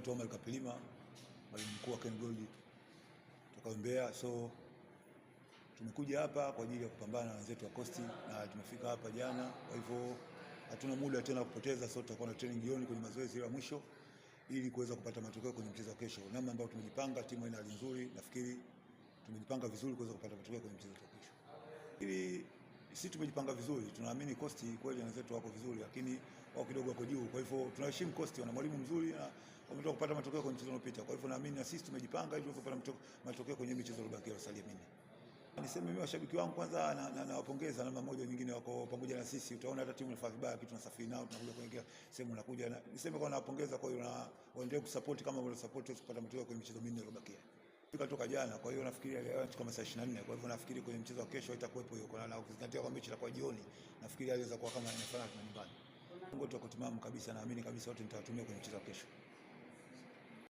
wetu Omar Kapilima, mwalimu mkuu wa KenGold kutoka Mbeya. So tumekuja hapa kwa ajili ya kupambana na wenzetu wa Coast na tumefika hapa jana, kwa hivyo hatuna muda tena kupoteza. So tutakuwa na training jioni kwenye mazoezi ya mwisho ili kuweza kupata matokeo kwenye mchezo wa kesho. Namna ambayo tumejipanga, timu ina hali nzuri, nafikiri tumejipanga vizuri kuweza kupata matokeo kwenye mchezo wa kesho. Ili sisi tumejipanga vizuri, tunaamini Coast kweli wenzetu wako vizuri, lakini wao kidogo wako juu. Kwa hivyo tunaheshimu Coast, wana mwalimu mzuri na walikuwa kupata matokeo kwenye mchezo uliopita. Kwa hivyo naamini na sisi tumejipanga ili tuweze kupata matokeo kwenye michezo iliyobakia iliyosalia. Mimi niseme mimi washabiki wangu kwanza nawapongeza na, na, na namna moja nyingine wako pamoja na sisi. Utaona hata timu inafanya vibaya kitu tunasafiri nao tunakuja kuingia sehemu nakuja na, niseme kwa nawapongeza kwa hiyo na waendelee kusupport kama wale support wetu kupata matokeo kwenye michezo minne iliyobakia toka jana. Kwa hiyo nafikiri leo tuko masaa 24. Kwa hivyo nafikiri kwenye mchezo wa kesho itakuwepo hiyo, kwa na kuzingatia kwa mechi la kwa jioni, nafikiri inaweza kuwa kama inafanana na nyumbani. Ngoto kwa timamu kabisa, naamini kabisa wote nitawatumia kwenye mchezo wa kesho.